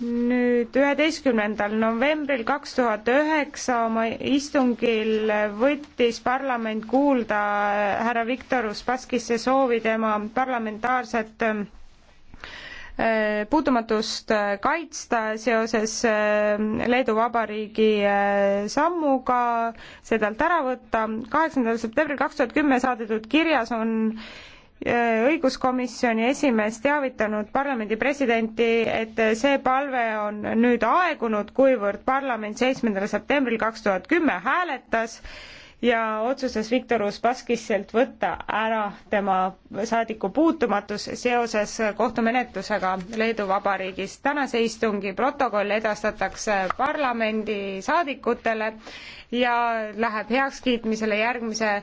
nüüd üheteistkümnendal novembril kaks tuhat üheksa oma istungil võttis parlament kuulda äh, härra Viktor Uspaskisse soovi tema parlamentaarset äh, puutumatust äh, kaitsta seoses Leedu Vabariigi sammuga, see talt ära võtta. kaheksandal septembril kaks tuhat kümme saadetud kirjas on õiguskomisjoni esimees teavitanud parlamendi presidenti, et see palve on nüüd aegunud, kuivõrd parlament seitsmendal septembril kaks tuhat kümme hääletas ja otsustas Viktor Uspaskiselt võtta ära tema saadikupuutumatus seoses kohtumenetlusega Leedu Vabariigis. tänase istungi protokoll edastatakse parlamendi saadikutele ja läheb heakskiitmisele järgmise